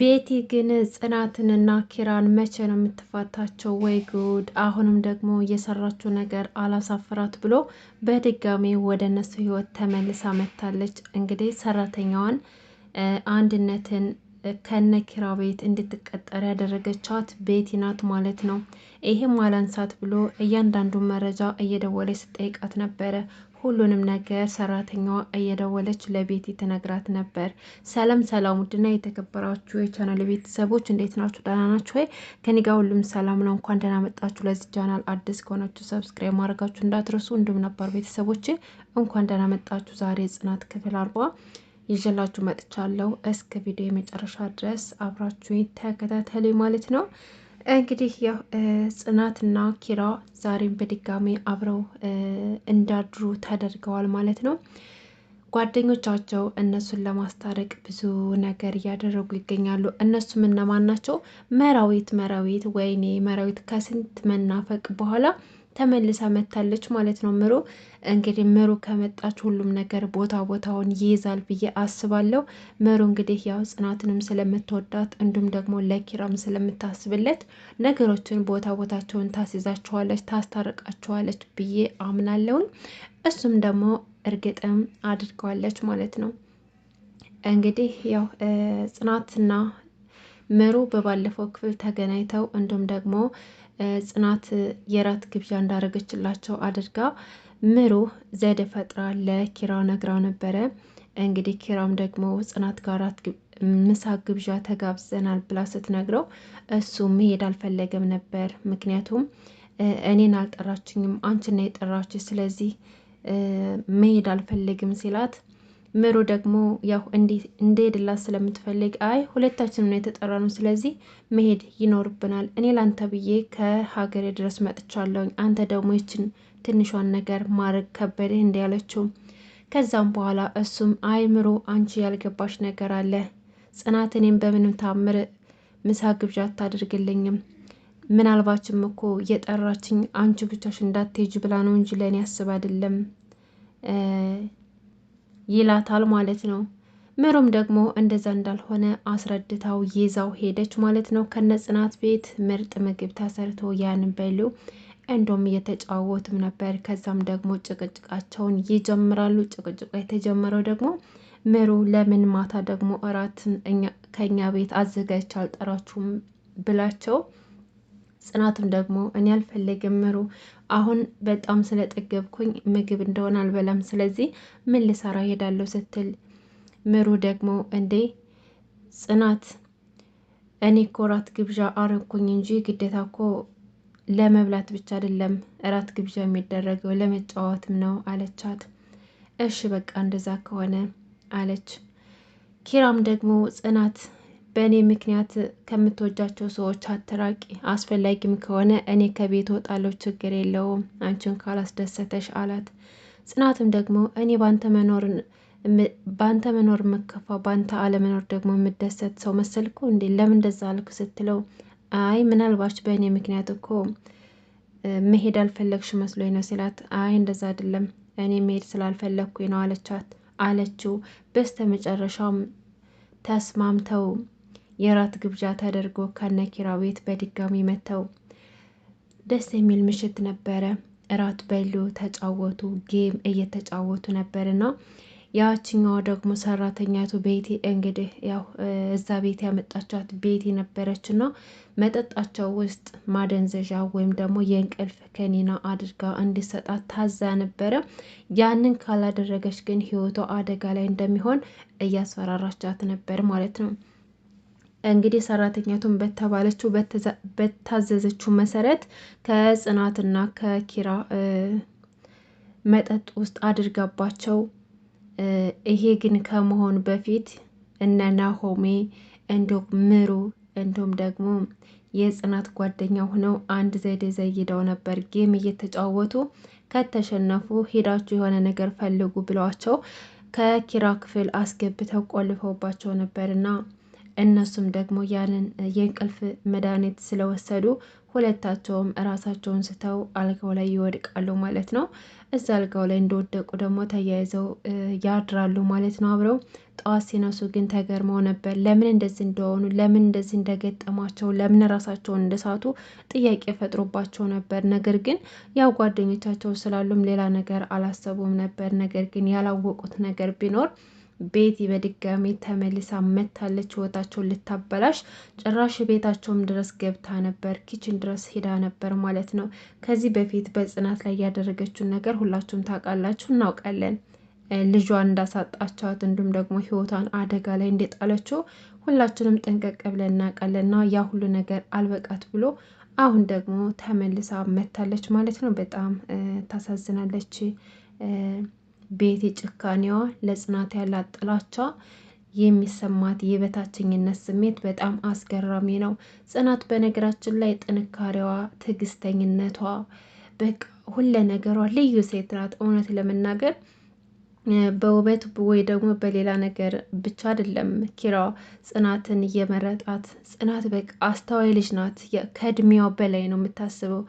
ቤቲ ግን ጽናትንና ኪራን መቼ ነው የምትፋታቸው? ወይ ጉድ! አሁንም ደግሞ የሰራችው ነገር አላሳፍራት ብሎ በድጋሚ ወደ እነሱ ህይወት ተመልሳ መታለች። እንግዲህ ሰራተኛዋን አንድነትን ከነ ኪራ ቤት እንድትቀጠር ያደረገቻት ቤቲ ናት ማለት ነው። ይህም አላንሳት ብሎ እያንዳንዱን መረጃ እየደወለ ስጠይቃት ነበረ። ሁሉንም ነገር ሰራተኛዋ እየደወለች ለቤቲ ትነግራት ነበር። ሰላም ሰላም፣ ውድና የተከበራችሁ የቻናል ቤተሰቦች እንዴት ናችሁ? ደህና ናችሁ ወይ? ከኔ ጋር ሁሉም ሰላም ነው። እንኳን ደህና መጣችሁ። ለዚህ ቻናል አዲስ ከሆናችሁ ሰብስክራይብ ማድረጋችሁ እንዳትረሱ። እንዲሁም ነባር ቤተሰቦች እንኳን ደህና መጣችሁ። ዛሬ ጽናት ክፍል አርባ ይዤላችሁ መጥቻለሁ። እስከ ቪዲዮ የመጨረሻ ድረስ አብራችሁ ተከታተሉ ማለት ነው። እንግዲህ ያው ጽናትና ኪራ ዛሬም በድጋሚ አብረው እንዳድሩ ተደርገዋል ማለት ነው። ጓደኞቻቸው እነሱን ለማስታረቅ ብዙ ነገር እያደረጉ ይገኛሉ። እነሱም እነማን ናቸው? መራዊት መራዊት፣ ወይኔ መራዊት ከስንት መናፈቅ በኋላ ተመልሳ መታለች ማለት ነው። ምሩ እንግዲህ ምሩ ከመጣች ሁሉም ነገር ቦታ ቦታውን ይይዛል ብዬ አስባለሁ። ምሩ እንግዲህ ያው ጽናትንም ስለምትወዳት እንዲሁም ደግሞ ለኪራም ስለምታስብለት ነገሮችን ቦታ ቦታቸውን ታስይዛቸዋለች፣ ታስታርቃቸዋለች ብዬ አምናለሁኝ። እሱም ደግሞ እርግጥም አድርገዋለች ማለት ነው። እንግዲህ ያው ጽናትና ምሩ በባለፈው ክፍል ተገናኝተው እንዲሁም ደግሞ ጽናት የራት ግብዣ እንዳደረገችላቸው አድርጋ ምሩ ዘዴ ፈጥራ ለኪራ ነግራው ነበረ። እንግዲህ ኪራም ደግሞ ጽናት ጋር ምሳ ግብዣ ተጋብዘናል ብላ ስትነግረው እሱ መሄድ አልፈለገም ነበር። ምክንያቱም እኔን አልጠራችኝም አንቺና የጠራች ስለዚህ መሄድ አልፈለግም ሲላት ምሩ ደግሞ ያው እንደሄድላት ስለምትፈልግ አይ ሁለታችን ነው የተጠራኑ፣ ስለዚህ መሄድ ይኖርብናል። እኔ ላንተ ብዬ ከሀገሬ ድረስ መጥቻለሁኝ፣ አንተ ደግሞ ይችን ትንሿን ነገር ማድረግ ከበድህ ያለችው። ከዛም በኋላ እሱም አይ ምሩ፣ አንቺ ያልገባሽ ነገር አለ። ጽናት እኔም በምንም ታምር ምሳ ግብዣ አታደርግልኝም። ምናልባችም እኮ የጠራችኝ አንቺ ብቻሽ እንዳትሄጅ ብላ ነው እንጂ ለእኔ ያስብ አይደለም ይላታል ማለት ነው። ምሩም ደግሞ እንደዛ እንዳልሆነ አስረድታው ይዛው ሄደች ማለት ነው። ከነጽናት ቤት ምርጥ ምግብ ተሰርቶ ያን በሉ። እንደውም እየተጫወቱም ነበር። ከዛም ደግሞ ጭቅጭቃቸውን ይጀምራሉ። ጭቅጭቃ የተጀመረው ደግሞ ምሩ ለምን ማታ ደግሞ እራትን ከኛ ቤት አዘጋጅች አልጠራችሁም ብላቸው ጽናትም ደግሞ እኔ አልፈለግም ምሩ አሁን በጣም ስለጠገብኩኝ ምግብ እንደሆነ አልበላም፣ ስለዚህ ምን ልሰራ ሄዳለሁ ስትል ምሩ ደግሞ እንዴ ጽናት እኔ እኮ ራት ግብዣ አረኩኝ እንጂ ግዴታ እኮ ለመብላት ብቻ አይደለም እራት ግብዣ የሚደረገው ለመጫወትም ነው አለቻት። እሺ በቃ እንደዛ ከሆነ አለች። ኪራም ደግሞ ጽናት በእኔ ምክንያት ከምትወጃቸው ሰዎች አትራቂ። አስፈላጊም ከሆነ እኔ ከቤት ወጣለሁ፣ ችግር የለውም አንቺን ካላስደሰተሽ አላት። ጽናትም ደግሞ እኔ ባንተ መኖር መከፋ ባንተ አለመኖር ደግሞ የምደሰት ሰው መሰልኩ እንዴ? ለምን እንደዛ አልኩ ስትለው አይ ምናልባች በእኔ ምክንያት እኮ መሄድ አልፈለግሽ መስሎኝ ነው ሲላት አይ እንደዛ አይደለም እኔ መሄድ ስላልፈለግኩኝ ነው አለቻት አለችው። በስተ መጨረሻም ተስማምተው የራት ግብዣ ተደርጎ ከነኪራ ቤት በድጋሚ መጥተው ደስ የሚል ምሽት ነበረ። እራት በሉ፣ ተጫወቱ፣ ጌም እየተጫወቱ ነበርና ያችኛዋ ደግሞ ሰራተኛቱ ቤቲ እንግዲህ ያው እዛ ቤት ያመጣቻት ቤቲ ነበረች እና መጠጣቸው ውስጥ ማደንዘዣ ወይም ደግሞ የእንቅልፍ ከኒና አድርጋ እንዲሰጣት ታዛ ነበረ። ያንን ካላደረገች ግን ህይወቷ አደጋ ላይ እንደሚሆን እያስፈራራቻት ነበር ማለት ነው። እንግዲህ ሰራተኛቱን በተባለችው በታዘዘችው መሰረት ከጽናትና ከኪራ መጠጥ ውስጥ አድርጋባቸው። ይሄ ግን ከመሆን በፊት እነ ናሆሜ እንዲሁም ምሩ እንዲሁም ደግሞ የጽናት ጓደኛ ሆነው አንድ ዘዴ ዘይደው ነበር። ጌም እየተጫወቱ ከተሸነፉ ሄዳችሁ የሆነ ነገር ፈልጉ ብለዋቸው ከኪራ ክፍል አስገብተው ቆልፈውባቸው ነበርና እነሱም ደግሞ ያንን የእንቅልፍ መድኃኒት ስለወሰዱ ሁለታቸውም እራሳቸውን ስተው አልጋው ላይ ይወድቃሉ ማለት ነው። እዛ አልጋው ላይ እንደወደቁ ደግሞ ተያይዘው ያድራሉ ማለት ነው አብረው። ጠዋት ሲነሱ ግን ተገርመው ነበር። ለምን እንደዚህ እንደሆኑ፣ ለምን እንደዚህ እንደገጠማቸው፣ ለምን ራሳቸውን እንደሳቱ ጥያቄ ፈጥሮባቸው ነበር። ነገር ግን ያው ጓደኞቻቸው ስላሉም ሌላ ነገር አላሰቡም ነበር። ነገር ግን ያላወቁት ነገር ቢኖር ቤቲ በድጋሚ ተመልሳ መታለች። ህይወታቸውን ልታበላሽ ጭራሽ ቤታቸውም ድረስ ገብታ ነበር፣ ኪችን ድረስ ሄዳ ነበር ማለት ነው። ከዚህ በፊት በጽናት ላይ ያደረገችውን ነገር ሁላችሁም ታውቃላችሁ፣ እናውቃለን። ልጇን እንዳሳጣቻት እንዲሁም ደግሞ ህይወቷን አደጋ ላይ እንደጣለችው ሁላችንም ጠንቀቅ ብለን እናውቃለን። እና ያ ሁሉ ነገር አልበቃት ብሎ አሁን ደግሞ ተመልሳ መታለች ማለት ነው። በጣም ታሳዝናለች። ቤት ጭካኔዋ፣ ለጽናት ያላት ጥላቻ፣ የሚሰማት የበታችኝነት ስሜት በጣም አስገራሚ ነው። ጽናት በነገራችን ላይ ጥንካሬዋ፣ ትዕግስተኝነቷ፣ በቃ ሁለ ነገሯ ልዩ ሴት ናት። እውነት ለመናገር በውበት ወይ ደግሞ በሌላ ነገር ብቻ አይደለም ኪራ ጽናትን እየመረጣት። ጽናት በቃ አስተዋይ ልጅ ናት። ከእድሜዋ በላይ ነው የምታስበው።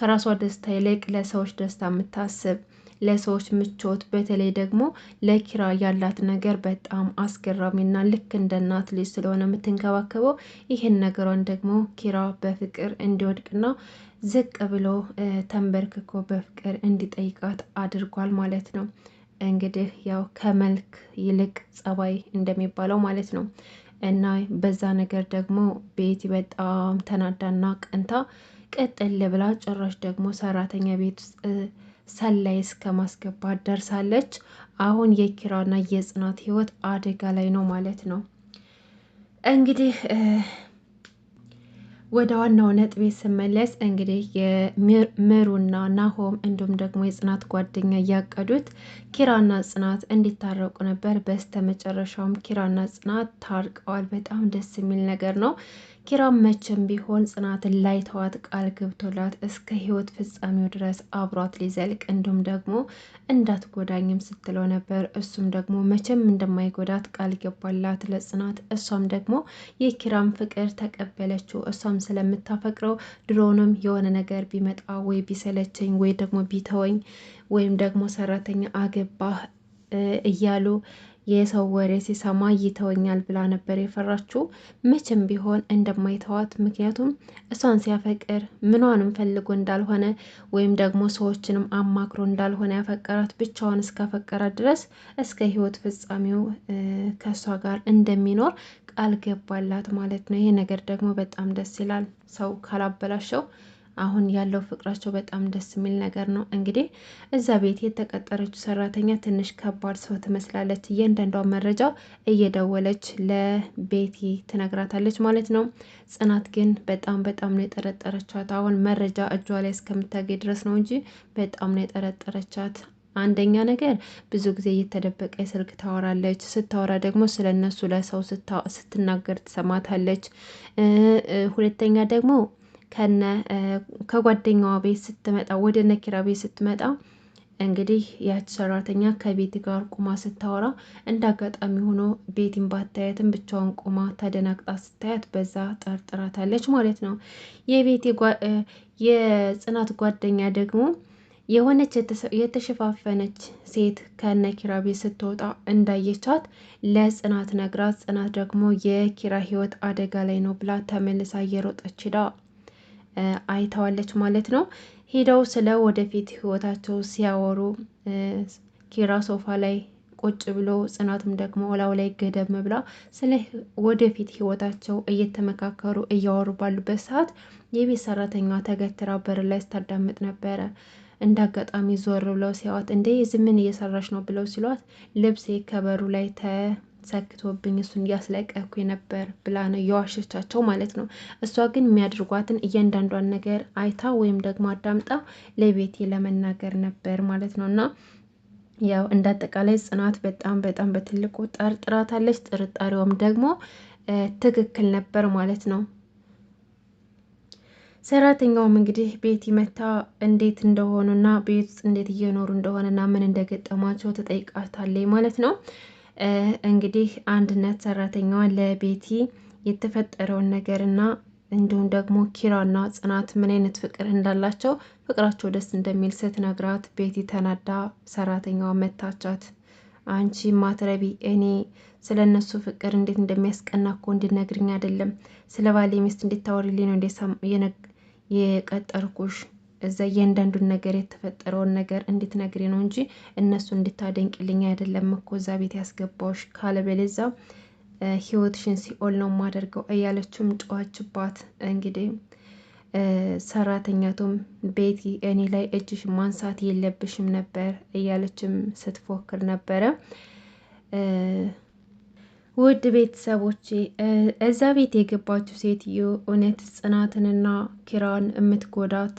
ከራሷ ደስታ ይልቅ ለሰዎች ደስታ የምታስብ ለሰዎች ምቾት በተለይ ደግሞ ለኪራ ያላት ነገር በጣም አስገራሚና ልክ እንደ እናት ልጅ ስለሆነ የምትንከባከበው ይህን ነገሯን ደግሞ ኪራ በፍቅር እንዲወድቅና ዝቅ ብሎ ተንበርክኮ በፍቅር እንዲጠይቃት አድርጓል ማለት ነው። እንግዲህ ያው ከመልክ ይልቅ ጸባይ እንደሚባለው ማለት ነው። እና በዛ ነገር ደግሞ ቤቲ በጣም ተናዳና ቀንታ ቀጠል ብላ ጭራሽ ደግሞ ሰራተኛ ቤት ውስጥ ሰላይ እስከ ማስገባት ደርሳለች። አሁን የኪራና የጽናት ህይወት አደጋ ላይ ነው ማለት ነው። እንግዲህ ወደ ዋናው ነጥቤ ስመለስ እንግዲህ የምሩና ናሆም እንዲሁም ደግሞ የጽናት ጓደኛ እያቀዱት ኪራና ጽናት እንዲታረቁ ነበር። በስተ መጨረሻውም ኪራና ጽናት ታርቀዋል። በጣም ደስ የሚል ነገር ነው። ኪራም መቼም ቢሆን ጽናትን ላይ ተዋት ቃል ገብቶላት እስከ ህይወት ፍጻሜው ድረስ አብሯት ሊዘልቅ እንዲሁም ደግሞ እንዳትጎዳኝም ስትለው ነበር። እሱም ደግሞ መቼም እንደማይጎዳት ቃል ገባላት ለጽናት። እሷም ደግሞ የኪራም ፍቅር ተቀበለችው። እሷም ስለምታፈቅረው ድሮንም የሆነ ነገር ቢመጣ ወይ ቢሰለቸኝ ወይ ደግሞ ቢተወኝ ወይም ደግሞ ሰራተኛ አገባህ እያሉ የሰው ወሬ ሲሰማ ይተወኛል ብላ ነበር የፈራችው። መቼም ቢሆን እንደማይተዋት ምክንያቱም እሷን ሲያፈቅር ምኗንም ፈልጎ እንዳልሆነ ወይም ደግሞ ሰዎችንም አማክሮ እንዳልሆነ ያፈቀራት ብቻዋን እስካፈቀራት ድረስ እስከ ሕይወት ፍጻሜው ከእሷ ጋር እንደሚኖር ቃል ገባላት ማለት ነው። ይሄ ነገር ደግሞ በጣም ደስ ይላል። ሰው ካላበላሸው አሁን ያለው ፍቅራቸው በጣም ደስ የሚል ነገር ነው። እንግዲህ እዛ ቤት የተቀጠረችው ሰራተኛ ትንሽ ከባድ ሰው ትመስላለች። እያንዳንዷ መረጃ እየደወለች ለቤቲ ትነግራታለች ማለት ነው። ጽናት ግን በጣም በጣም ነው የጠረጠረቻት። አሁን መረጃ እጇ ላይ እስከምታገኝ ድረስ ነው እንጂ በጣም ነው የጠረጠረቻት። አንደኛ ነገር ብዙ ጊዜ እየተደበቀ ስልክ ታወራለች። ስታወራ ደግሞ ስለ እነሱ ለሰው ስትናገር ትሰማታለች። ሁለተኛ ደግሞ ከነ ከጓደኛዋ ቤት ስትመጣ ወደ ነኪራ ቤት ስትመጣ እንግዲህ ያች ሰራተኛ ከቤቲ ጋር ቁማ ስታወራ እንደ አጋጣሚ ሆኖ ቤቲን ባታያትም ብቻዋን ቁማ ተደናግጣ ስታያት በዛ ጠርጥራታለች ማለት ነው። የቤቲ የጽናት ጓደኛ ደግሞ የሆነች የተሸፋፈነች ሴት ከነ ኪራ ቤት ስትወጣ እንዳየቻት ለጽናት ነግራት፣ ጽናት ደግሞ የኪራ ህይወት አደጋ ላይ ነው ብላ ተመልሳ እየሮጠች ሄዳ አይተዋለች ማለት ነው። ሄደው ስለ ወደፊት ህይወታቸው ሲያወሩ ኪራ ሶፋ ላይ ቁጭ ብሎ ጽናትም ደግሞ ላው ላይ ገደም ብላ ስለ ወደፊት ህይወታቸው እየተመካከሩ እያወሩ ባሉበት ሰዓት የቤት ሰራተኛ ተገትራ በር ላይ ስታዳምጥ ነበረ። እንደ አጋጣሚ ዞር ብለው ሲያዋት እንደ ዝምን እየሰራች ነው ብለው ሲሏት ልብሴ ከበሩ ላይ ተ ሰክቶብኝ እሱን እያስለቀኩ ነበር ብላ ነው የዋሸቻቸው ማለት ነው። እሷ ግን የሚያደርጓትን እያንዳንዷን ነገር አይታ ወይም ደግሞ አዳምጣ ለቤቴ ለመናገር ነበር ማለት ነው እና ያው እንደ አጠቃላይ ጽናት በጣም በጣም በትልቁ ጠርጥራታለች። ጥርጣሪውም ደግሞ ትክክል ነበር ማለት ነው። ሰራተኛውም እንግዲህ ቤት ይመታ እንዴት እንደሆኑና ቤት ውስጥ እንዴት እየኖሩ እንደሆነና ምን እንደገጠማቸው ተጠይቃታለች ማለት ነው። እንግዲህ አንድነት ሰራተኛዋን ለቤቲ የተፈጠረውን ነገርና እንዲሁም ደግሞ ኪራና ጽናት ምን አይነት ፍቅር እንዳላቸው ፍቅራቸው ደስ እንደሚል ስትነግራት ቤቲ ተናዳ ሰራተኛዋ መታቻት። አንቺ ማትረቢ፣ እኔ ስለ እነሱ ፍቅር እንዴት እንደሚያስቀና እኮ እንድነግርኝ አይደለም፣ ስለ ባሌ ሚስት እንድታወሪልኝ ነው የቀጠርኩሽ እዛ እያንዳንዱን ነገር የተፈጠረውን ነገር እንድትነግሪ ነው እንጂ እነሱ እንድታደንቅልኝ አይደለም እኮ እዛ ቤት ያስገባዎች ካለበለዛ ህይወትሽን ሲኦል ነው ማደርገው እያለችውም ጨዋችባት። እንግዲህ ሰራተኛቱም ቤቲ እኔ ላይ እጅሽ ማንሳት የለብሽም ነበር እያለችም ስትፎክር ነበረ። ውድ ቤተሰቦቼ እዛ ቤት የገባችው ሴትዮ እውነት ጽናትንና ኪራን የምትጎዳት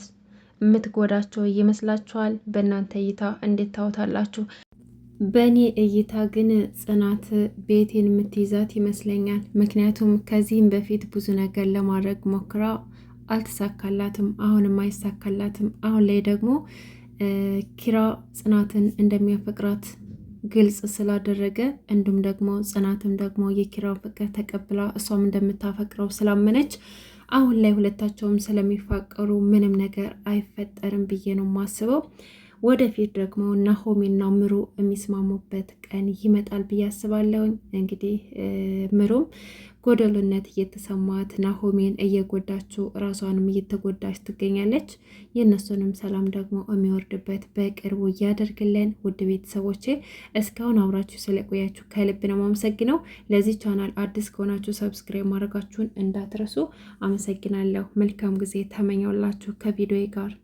የምትጎዳቸው ይመስላችኋል? በእናንተ እይታ እንዴት ታወታላችሁ በእኔ እይታ ግን ጽናት ቤቴን የምትይዛት ይመስለኛል። ምክንያቱም ከዚህም በፊት ብዙ ነገር ለማድረግ ሞክራ አልተሳካላትም፣ አሁንም አይሳካላትም። አሁን ላይ ደግሞ ኪራ ጽናትን እንደሚያፈቅራት ግልጽ ስላደረገ እንዲሁም ደግሞ ጽናትም ደግሞ የኪራ ፍቅር ተቀብላ እሷም እንደምታፈቅረው ስላመነች አሁን ላይ ሁለታቸውም ስለሚፋቀሩ ምንም ነገር አይፈጠርም ብዬ ነው የማስበው። ወደፊት ደግሞ ናሆሜና ምሩ የሚስማሙበት ቀን ይመጣል ብዬ አስባለሁኝ። እንግዲህ ምሩም ጎደሎነት እየተሰማት ናሆሜን እየጎዳችው ራሷንም እየተጎዳች ትገኛለች። የእነሱንም ሰላም ደግሞ የሚወርድበት በቅርቡ እያደርግለን ውድ ቤተሰቦቼ እስካሁን አብራችሁ ስለቆያችሁ ከልብ ነው ማመሰግነው። ለዚህ ቻናል አዲስ ከሆናችሁ ሰብስክራይብ ማድረጋችሁን እንዳትረሱ። አመሰግናለሁ። መልካም ጊዜ ተመኘውላችሁ ከቪዲዮ ጋር